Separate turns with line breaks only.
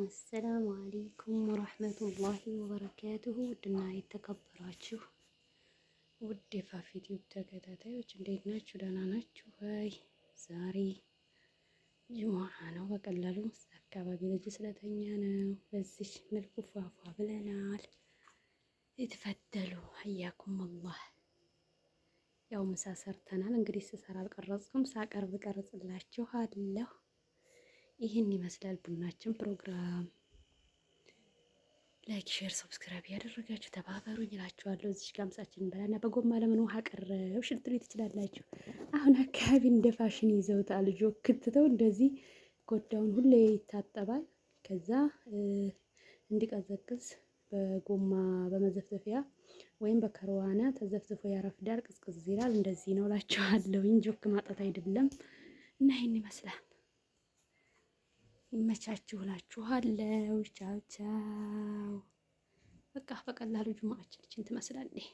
አሰላሙ አሌይኩም ወረህመቱላሂ ወበረካቱሁ። ውድና የተከበራችሁ ውድ የፋፊት ተከታታዮች እንዴት ናችሁ? ደህና ናችሁ? ይ ዛሬ ጅሙዓ ነው። በቀላሉ አካባቢ ልጅ ስለተኛ ነው። በዚህ መልኩ ፏፏ ብለናል። የተፈተሉ ሀያኩም አላህ ያው ምሳ ሰርተናል። እንግዲህ ስሰራ አልቀረጽኩም፣ ሳቀርብ ቀርጽላችኋለሁ። ይህን ይመስላል ቡናችን ፕሮግራም። ላይክ ሼር ሰብስክራይብ ያደረጋችሁ ተባበሩ ይላችኋለሁ። እዚህ ጋር ምሳችንን በላና በጎማ ለምን ውሃ ቀረብ ሽንት ቤት ትችላላችሁ። አሁን አካባቢ እንደ ፋሽን ይዘውታል። ጆክ ክትተው እንደዚህ ጎዳውን ሁሌ ይታጠባል። ከዛ እንዲቀዘቅዝ በጎማ በመዘፍዘፊያ ወይም በከርዋና ተዘፍዝፎ ያረፍዳል። ቅዝቅዝ ይላል። እንደዚህ ነው እላችኋለሁ። ጆክ ማጣት አይደለም እና ይህን ይመስላል። ይመቻችሁ ቻው ቻው። በቃ በቀላሉ ጁማአችን ትመስላለች።